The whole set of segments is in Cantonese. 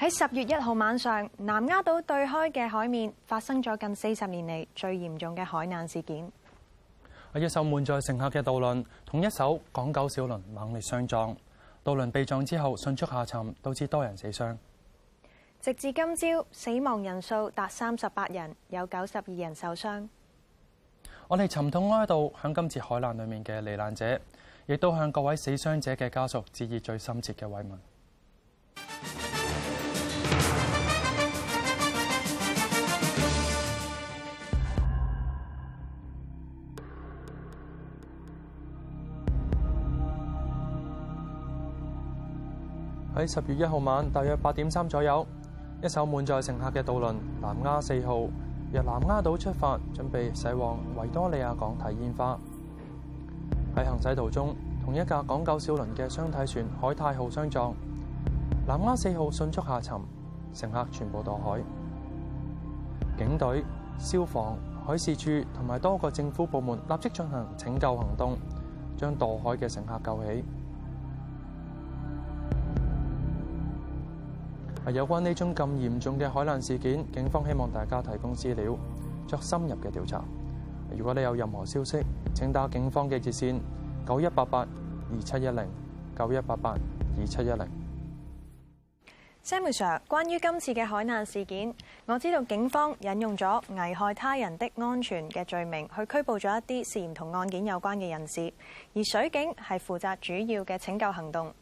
喺十月一號晚上，南丫島對開嘅海面發生咗近四十年嚟最嚴重嘅海難事件。一艘滿載乘客嘅渡輪同一艘港九小輪猛烈相撞，渡輪被撞之後迅速下沉，導致多人死傷。直至今朝，死亡人數達三十八人，有九十二人受傷。我哋沉痛哀悼向今次海難裏面嘅罹難者，亦都向各位死傷者嘅家屬致以最深切嘅慰問。喺十月一號晚，大約八點三左右，一艘滿載乘客嘅渡輪南丫四號由南丫島出發，準備駛往維多利亞港睇煙花。喺行駛途中，同一架港九小輪嘅雙體船海泰號相撞，南丫四號迅速下沉，乘客全部墮海。警隊、消防、海事處同埋多個政府部門立即進行拯救行動，將墮海嘅乘客救起。係有關呢宗咁嚴重嘅海難事件，警方希望大家提供資料作深入嘅調查。如果你有任何消息，請打警方嘅熱線九一八八二七一零九一八八二七一零。10, Samuel，Sir, 關於今次嘅海難事件，我知道警方引用咗危害他人的安全嘅罪名去拘捕咗一啲涉嫌同案件有關嘅人士，而水警係負責主要嘅拯救行動。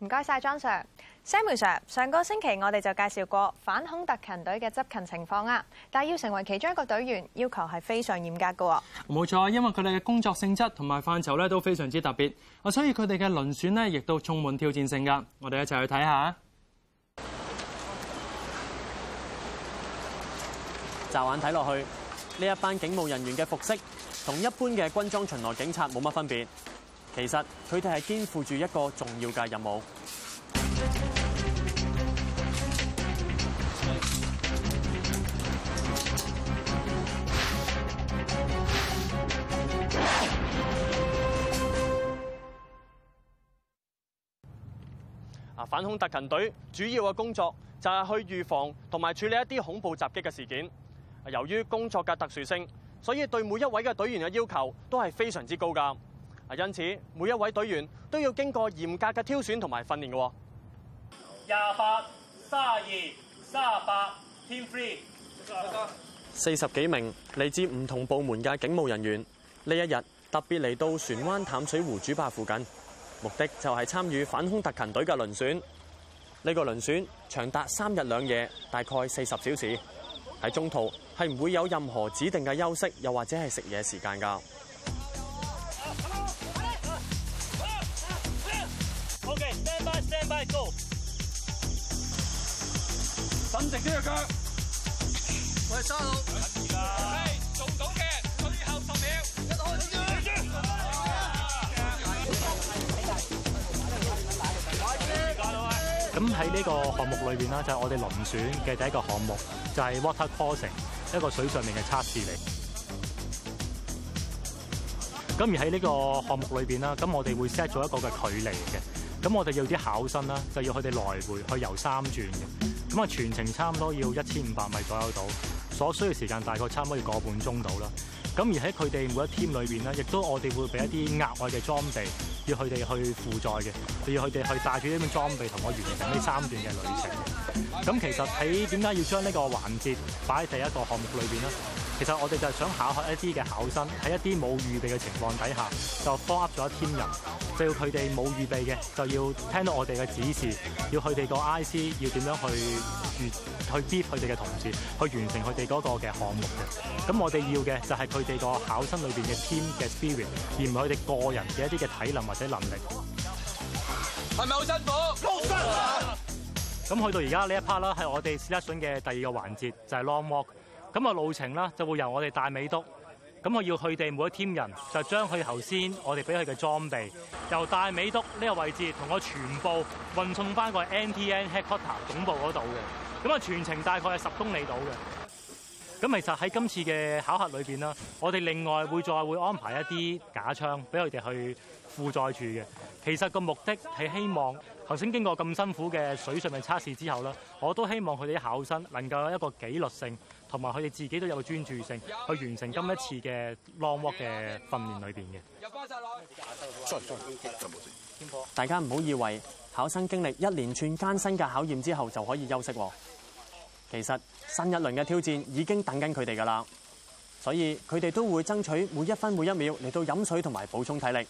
唔該晒，莊 Sir、Samuel Sir。上個星期我哋就介紹過反恐特勤隊嘅執勤情況啊，但係要成為其中一個隊員，要求係非常嚴格㗎。冇錯，因為佢哋嘅工作性質同埋範疇咧都非常之特別，啊，所以佢哋嘅遴選咧亦都充滿挑戰性㗎。我哋一齊去睇下。乍眼睇落去，呢一班警務人員嘅服飾同一般嘅軍裝巡邏警察冇乜分別。其實佢哋係肩負住一個重要嘅任務。啊，反恐特勤隊主要嘅工作就係去預防同埋處理一啲恐怖襲擊嘅事件。由於工作嘅特殊性，所以對每一位嘅隊員嘅要求都係非常之高㗎。因此，每一位隊員都要經過嚴格嘅挑選同埋訓練嘅。廿八、卅二、卅八，Team Three。四十幾名嚟自唔同部門嘅警務人員，呢一日特別嚟到船灣淡水湖主壩附近，目的就係參與反恐特勤隊嘅輪選。呢個輪選長達三日兩夜，大概四十小時。喺中途係唔會有任何指定嘅休息，又或者係食嘢時間㗎。高，穩嘅，最後十秒，一開咁喺呢個項目裏邊啦，就係、是、我哋遴選嘅第一個項目，就係、是、water crossing，一個水上面嘅測試嚟。咁而喺呢個項目裏邊啦，咁我哋會 set 咗一個嘅距離嘅。咁我哋要啲考生啦，就要佢哋來回去游三轉嘅，咁啊，全程差唔多要一千五百米左右到，所需嘅時間大概差唔多要個半鐘度啦。咁而喺佢哋每一天裏邊咧，亦都我哋會俾一啲額外嘅裝備，要佢哋去負載嘅，就要佢哋去帶住呢啲裝備同我完成呢三段嘅旅程。咁其實喺點解要將呢個環節擺喺第一個項目裏邊咧？其實我哋就係想考核一啲嘅考生喺一啲冇預備嘅情況底下，就 follow up 咗一 team 人，就要佢哋冇預備嘅，就要聽到我哋嘅指示，要佢哋個 IC 要點樣去去 beat 佢哋嘅同事，去完成佢哋嗰個嘅項目嘅。咁我哋要嘅就係佢哋個考生裏面嘅 team 嘅 spirit，而唔係佢哋個人嘅一啲嘅體能或者能力。係咪好辛苦？咁去到而家呢一 part 啦，係我哋 selection 嘅第二個環節，就係、是、long walk。咁啊，路程啦就會由我哋大美督咁我要去地每一隊人就將佢頭先我哋俾佢嘅裝備由大美督呢個位置同我全部運送翻個 NTN Headquarters 總部嗰度嘅。咁啊，全程大概係十公里度嘅。咁其實喺今次嘅考核裏邊啦，我哋另外會再會安排一啲假槍俾佢哋去負載住嘅。其實個目的係希望頭先經過咁辛苦嘅水上嘅測試之後啦，我都希望佢哋啲考生能夠有一個紀律性。同埋佢哋自己都有專注性，去完成今一次嘅 long walk 嘅訓練裏邊嘅。大家唔好以為考生經歷一連串艱辛嘅考驗之後就可以休息喎。其實新一輪嘅挑戰已經等緊佢哋㗎喇，所以佢哋都會爭取每一分每一秒嚟到飲水同埋補充體力。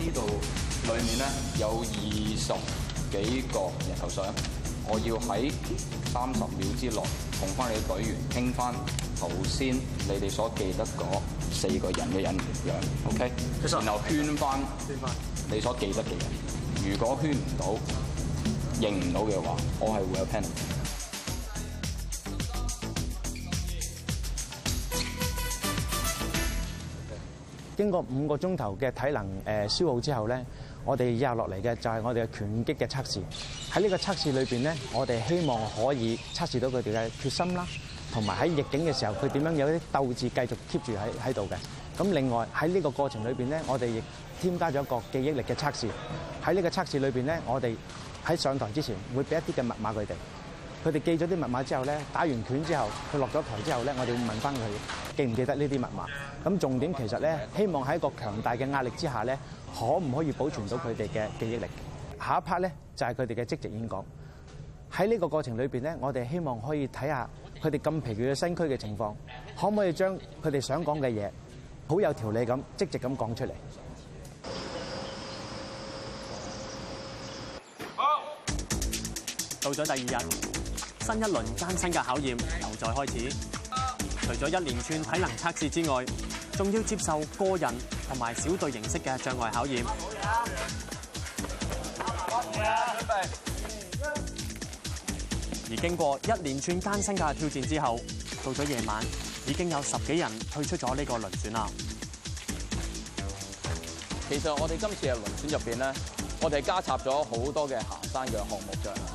呢度裡面咧，有二十幾個人頭像，我要喺三十秒之內同翻你隊員傾翻頭先你哋所記得嗰四個人嘅人樣，OK？然後圈翻你所記得嘅人，如果圈唔到、認唔到嘅話，我係會有 pen。經過五個鐘頭嘅體能誒消耗之後咧，我哋以後落嚟嘅就係我哋嘅拳擊嘅測試。喺呢個測試裏邊咧，我哋希望可以測試到佢哋嘅決心啦，同埋喺逆境嘅時候佢點樣有啲鬥志繼續 keep 住喺喺度嘅。咁另外喺呢個過程裏邊咧，我哋亦添加咗一個記憶力嘅測試。喺呢個測試裏邊咧，我哋喺上台之前會俾一啲嘅密碼佢哋。佢哋記咗啲密碼之後咧，打完拳之後，佢落咗台之後咧，我哋會問翻佢記唔記得呢啲密碼。咁重點其實咧，希望喺一個強大嘅壓力之下咧，可唔可以保存到佢哋嘅記憶力？下一 part 咧就係佢哋嘅即席演講。喺呢個過程裏邊咧，我哋希望可以睇下佢哋咁疲倦嘅身軀嘅情況，可唔可以將佢哋想講嘅嘢好有條理咁即席咁講出嚟？好，到咗第二日。新一輪艱辛嘅考驗又再開始，除咗一連串體能測試之外，仲要接受個人同埋小隊形式嘅障礙考驗。而經過一連串艱辛嘅挑戰之後，到咗夜晚，已經有十幾人退出咗呢個遴選啦。其實我哋今次嘅遴選入邊咧，我哋加插咗好多嘅行山嘅項目嘅。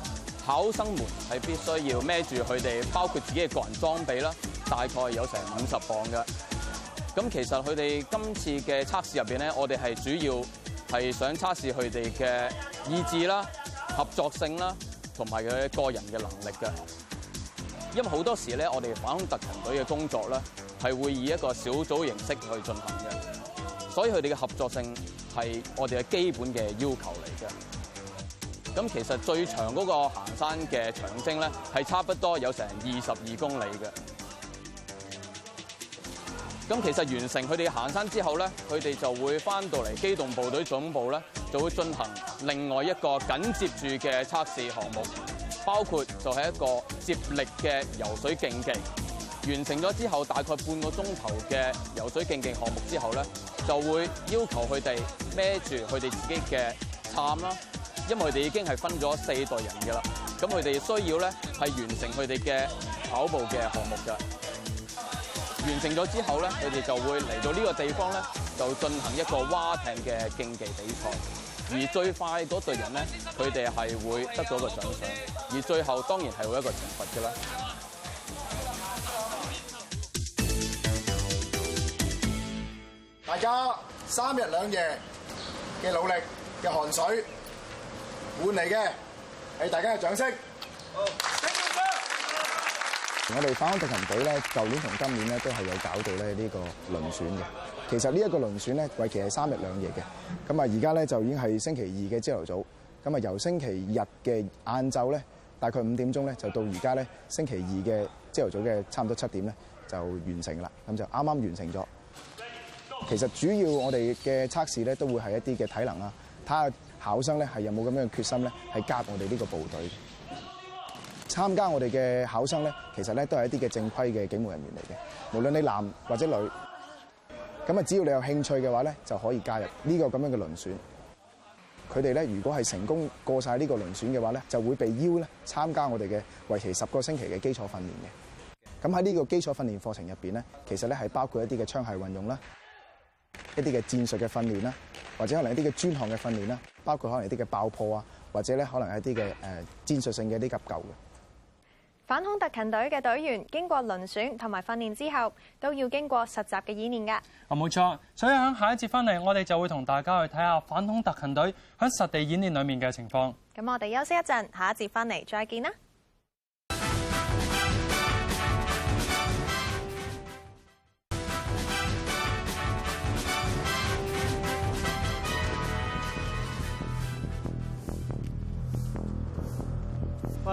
考生們係必須要孭住佢哋，包括自己嘅個人裝備啦，大概有成五十磅嘅。咁其實佢哋今次嘅測試入邊咧，我哋係主要係想測試佢哋嘅意志啦、合作性啦，同埋佢個人嘅能力嘅。因為好多時咧，我哋反恐特勤隊嘅工作咧，係會以一個小組形式去進行嘅，所以佢哋嘅合作性係我哋嘅基本嘅要求嚟嘅。咁其實最長嗰個行山嘅長征咧，係差不多有成二十二公里嘅。咁其實完成佢哋行山之後咧，佢哋就會返到嚟機動部隊總部咧，就會進行另外一個緊接住嘅測試項目，包括就係一個接力嘅游水競技。完成咗之後，大概半個鐘頭嘅游水競技項目之後咧，就會要求佢哋孭住佢哋自己嘅撐啦。因為佢哋已經係分咗四隊人嘅啦，咁佢哋需要咧係完成佢哋嘅跑步嘅項目嘅，完成咗之後咧，佢哋就會嚟到呢個地方咧，就進行一個蛙艇嘅競技比賽。而最快嗰隊人咧，佢哋係會得到一個獎賞。而最後當然係會一個懲罰嘅啦。大家三日兩夜嘅努力嘅汗水。換嚟嘅，係大家嘅掌聲。好，聲眾生。我哋反恐特勤隊咧，舊年同今年咧都係有搞到咧呢個遴選嘅。其實呢一個遴選咧，為期係三日兩夜嘅。咁啊，而家咧就已經係星期二嘅朝頭早。咁啊，由星期日嘅晏晝咧，大概五點鐘咧，就到而家咧星期二嘅朝頭早嘅差唔多七點咧，就完成啦。咁就啱啱完成咗。其實主要我哋嘅測試咧，都會係一啲嘅體能啊，睇下。考生咧係有冇咁樣嘅決心咧？係加入我哋呢個部隊的。參加我哋嘅考生咧，其實咧都係一啲嘅正規嘅警務人員嚟嘅。無論你男或者女，咁啊，只要你有興趣嘅話咧，就可以加入呢個咁樣嘅遴選。佢哋咧，如果係成功過晒呢個遴選嘅話咧，就會被邀咧參加我哋嘅為期十個星期嘅基礎訓練嘅。咁喺呢個基礎訓練課程入邊咧，其實咧係包括一啲嘅槍械運用啦。一啲嘅戰術嘅訓練啦，或者可能一啲嘅專項嘅訓練啦，包括可能一啲嘅爆破啊，或者咧可能一啲嘅誒戰術性嘅一啲急救嘅。反恐特勤隊嘅隊員經過遴選同埋訓練之後，都要經過實習嘅演練㗎。哦，冇錯。所以喺下一節翻嚟，我哋就會同大家去睇下反恐特勤隊喺實地演練裡面嘅情況。咁我哋休息一陣，下一節翻嚟再見啦。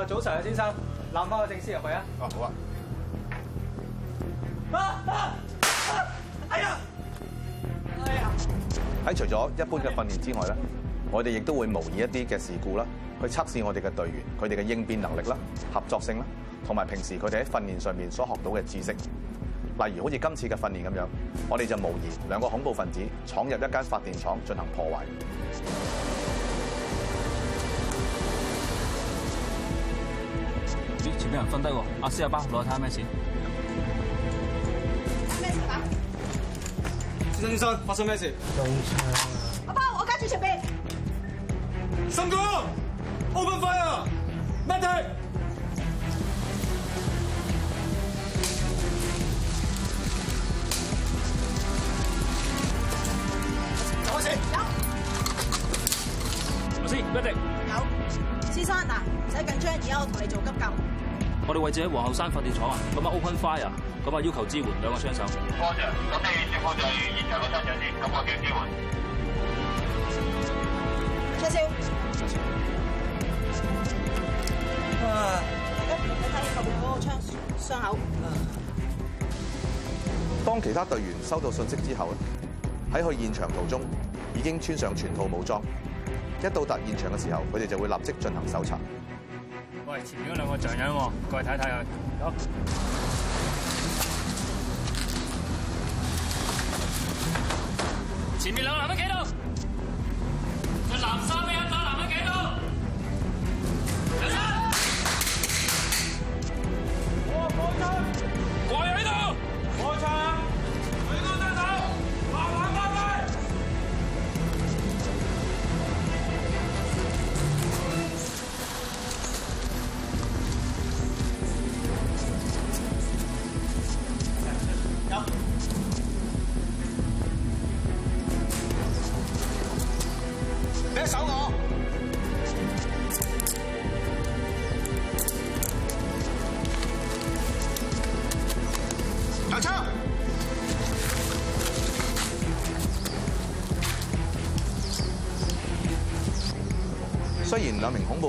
早晨啊，先生，南翻個證書入去啊！哦，好啊。啊啊啊！哎呀！喺、哎、呀除咗一般嘅訓練之外咧，哎、呀我哋亦都會模擬一啲嘅事故啦，去測試我哋嘅隊員佢哋嘅應變能力啦、合作性啦，同埋平時佢哋喺訓練上面所學到嘅知識。例如好似今次嘅訓練咁樣，我哋就模擬兩個恐怖分子闖入一間發電廠進行破壞。前面人瞓低喎，阿四阿八，攞嚟睇下咩事。發生咩事？先生，發生咩事？中槍車！阿爸，我跟住前邊。三哥，Open fire！Medic！有冇先？有。老師，咩有。先生嗱，唔使緊張，而家我同你做急救。我哋位置喺皇后山發電廠，咁啊 open fire，咁啊要求支援兩個槍手。班長，咁你現場先，咁我支援。睇後邊個傷口。啊，當其他隊員收到信息之後，喺去現場途中已經穿上全套武裝，一到達現場嘅時候，佢哋就會立即進行搜查。喂，前面嗰兩個強人，過去睇睇佢。走，前面兩個男仔企度。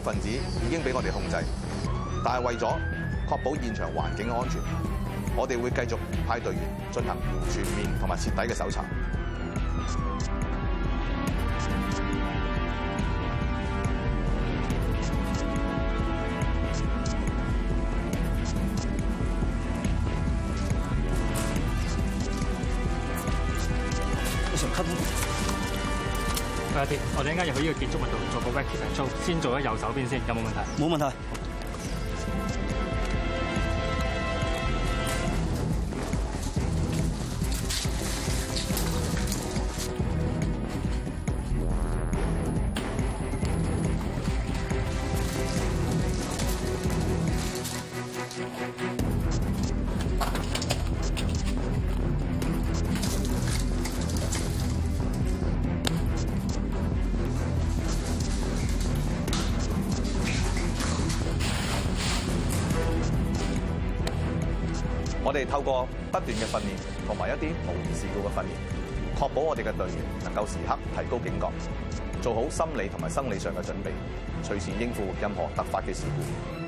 分子已經被我哋控制，但係為咗確保現場環境嘅安全，我哋會繼續派隊員進行全面同埋徹底嘅搜查。我哋啱入去呢個建築物度做個 v a 實 a 先做喺右手邊先，有冇問題？冇問題。我哋透過不斷嘅訓練同埋一啲模擬事故嘅訓練，確保我哋嘅隊員能夠時刻提高警覺，做好心理同埋生理上嘅準備，隨時應付任何突發嘅事故。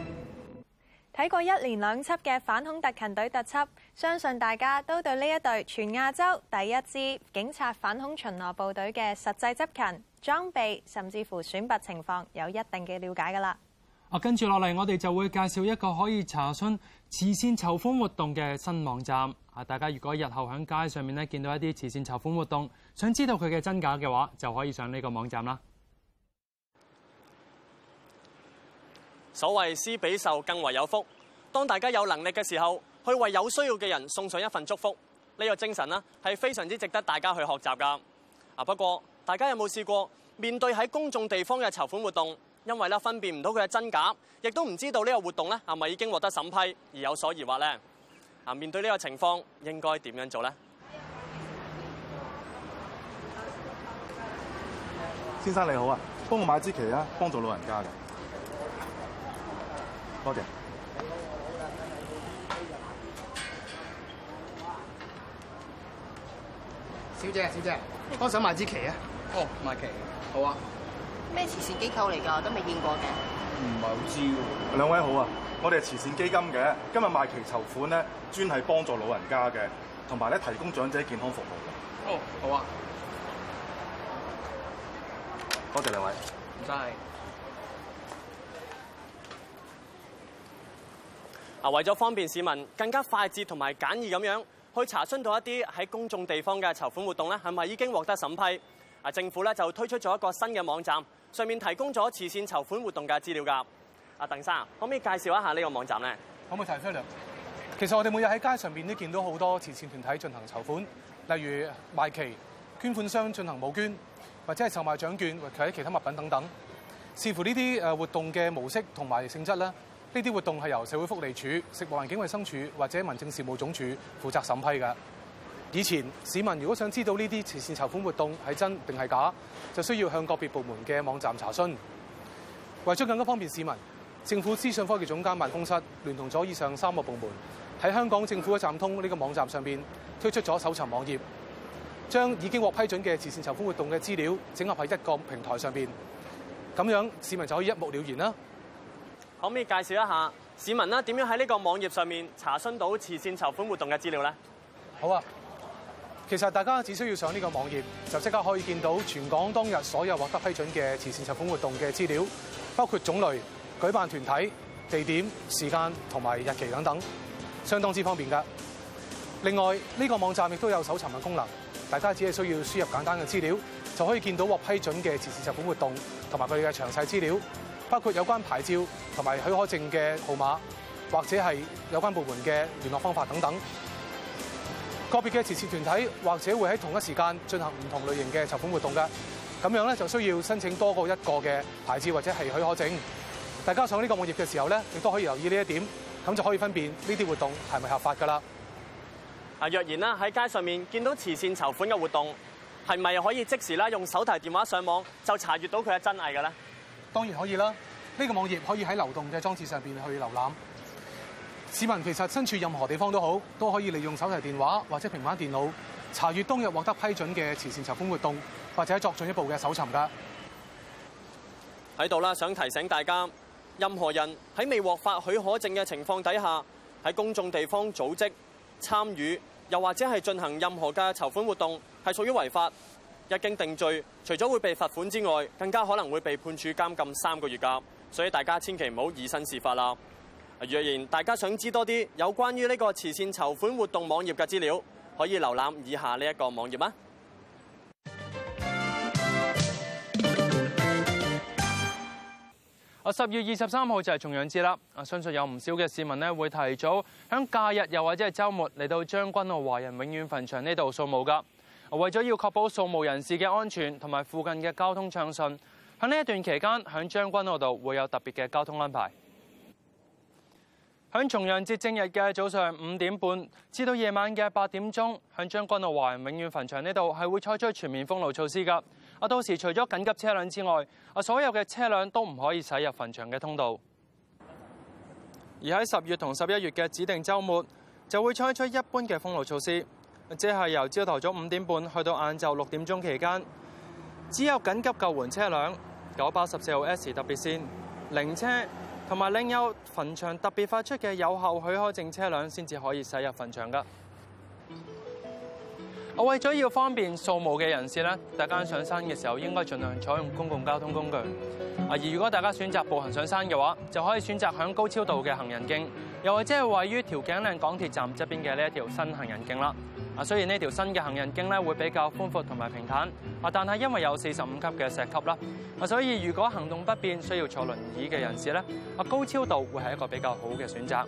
睇過一連兩輯嘅《反恐特勤隊》特輯，相信大家都對呢一隊全亞洲第一支警察反恐巡邏部隊嘅實際執勤裝備，甚至乎選拔情況，有一定嘅了解噶啦。啊，跟住落嚟，我哋就會介紹一個可以查詢慈善籌款活動嘅新網站。啊，大家如果日後喺街上面見到一啲慈善籌款活動，想知道佢嘅真假嘅話，就可以上呢個網站啦。所謂施比受更為有福。當大家有能力嘅時候，去為有需要嘅人送上一份祝福，呢個精神呢係非常之值得大家去學習噶。啊，不過大家有冇試過面對喺公眾地方嘅籌款活動？因為咧分辨唔到佢嘅真假，亦都唔知道呢個活動咧係咪已經獲得審批而有所疑惑咧。啊，面對呢個情況應該點樣做咧？先生你好啊，幫我買支旗啊，幫助老人家嘅。多謝。小姐，小姐啊，幫手買支旗啊。哦，買旗，好啊。咩慈善機構嚟㗎？我都未見過嘅，唔係好知喎。兩位好啊！我哋係慈善基金嘅，今日賣旗籌款咧，專係幫助老人家嘅，同埋咧提供長者健康服務。哦，好啊！多謝兩位，唔使謝。啊，為咗方便市民更加快捷同埋簡易咁樣去查詢到一啲喺公眾地方嘅籌款活動咧，係咪已經獲得審批？啊，政府咧就推出咗一個新嘅網站。上面提供咗慈善籌款活動嘅資料㗎。阿、啊、鄧生可唔可以介紹一下呢個網站呢？可唔可以睇翻兩？其實我哋每日喺街上面都見到好多慈善團體進行籌款，例如賣旗、捐款箱進行募捐，或者係售賣獎券或者其他物品等等。視乎呢啲誒活動嘅模式同埋性質咧，呢啲活動係由社會福利署、食物環境衞生署或者民政事務總署負責審批㗎。以前市民如果想知道呢啲慈善籌款活動係真定係假，就需要向個別部門嘅網站查詢。為咗更加方便市民，政府資訊科技總監辦公室聯同咗以上三個部門喺香港政府嘅站通呢個網站上面推出咗搜尋網頁，將已經獲批准嘅慈善籌款活動嘅資料整合喺一個平台上邊，咁樣市民就可以一目了然啦。可唔可以介紹一下市民啦點樣喺呢個網頁上面查詢到慈善籌款活動嘅資料咧？好啊。其實大家只需要上呢個網頁，就即刻可以見到全港當日所有獲得批准嘅慈善籌款活動嘅資料，包括種類、舉辦團體、地點、時間同埋日期等等，相當之方便㗎。另外呢個網站亦都有搜尋嘅功能，大家只係需要輸入簡單嘅資料，就可以見到獲批准嘅慈善籌款活動同埋佢哋嘅詳細資料，包括有關牌照同埋許可證嘅號碼，或者係有關部門嘅聯絡方法等等。個別嘅慈善團體或者會喺同一時間進行唔同類型嘅籌款活動㗎，咁樣咧就需要申請多過一個嘅牌子或者係許可證。大家上呢個網頁嘅時候咧，亦都可以留意呢一點，咁就可以分辨呢啲活動係咪合法㗎啦。啊，若然啦，喺街上面見到慈善籌款嘅活動，係咪可以即時啦用手提電話上網就查閲到佢嘅真偽㗎咧？當然可以啦，呢個網頁可以喺流動嘅裝置上邊去瀏覽。市民其實身處任何地方都好，都可以利用手提電話或者平板電腦查閱當日獲得批准嘅慈善籌款活動，或者作進一步嘅搜尋㗎。喺度啦，想提醒大家，任何人喺未獲發許可證嘅情況底下喺公眾地方組織、參與又或者係進行任何嘅籌款活動，係屬於違法。一經定罪，除咗會被罰款之外，更加可能會被判處監禁三個月㗎。所以大家千祈唔好以身試法啦。若然大家想知多啲有關於呢個慈善籌款活動網頁嘅資料，可以瀏覽以下呢一個網頁啊。十月二十三號就係重陽節啦，相信有唔少嘅市民咧，會提早響假日又或者係周末嚟到將軍澳華人永遠墳場呢度掃墓噶。為咗要確保掃墓人士嘅安全同埋附近嘅交通暢順，響呢一段期間響將軍澳度會有特別嘅交通安排。響重陽節正日嘅早上五點半至到夜晚嘅八點鐘，向將軍澳華人永遠墳場呢度係會採取全面封路措施噶。啊，到時除咗緊急車輛之外，啊所有嘅車輛都唔可以駛入墳場嘅通道。而喺十月同十一月嘅指定周末，就會採取一般嘅封路措施。即係由朝頭早五點半去到晏晝六點鐘期間，只有緊急救援車輛、九八十四號 S 特別線、零車。同埋領有墳場特別發出嘅有效許可證車輛先至可以駛入墳場㗎。啊，為咗要方便掃墓嘅人士咧，大家上山嘅時候應該盡量採用公共交通工具。啊，而如果大家選擇步行上山嘅話，就可以選擇響高超道嘅行人徑，又或者係位於調景嶺港鐵站側邊嘅呢一條新行人徑啦。啊，雖然呢條新嘅行人徑咧會比較寬闊同埋平坦，啊，但係因為有四十五級嘅石級啦，啊，所以如果行動不便需要坐輪椅嘅人士咧，啊，高超道會係一個比較好嘅選擇。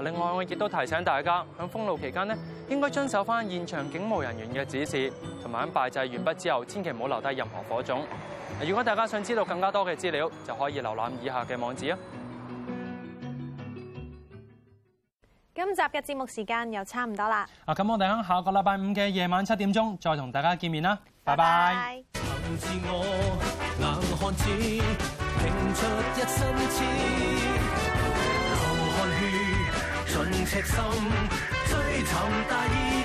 另外，我亦都提醒大家，喺封路期間呢應該遵守翻現場警務人員嘅指示，同埋喺拜祭完畢之後，千祈唔好留低任何火種。如果大家想知道更加多嘅資料，就可以瀏覽以下嘅網址啊。今集嘅節目時間又差唔多啦，啊！咁我哋喺下個禮拜五嘅夜晚七點鐘再同大家見面啦，bye bye 拜拜。